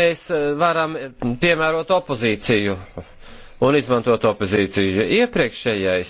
mēs eh, varam eh, piemērot opozīciju un izmantot opozīciju. Iepriekšējais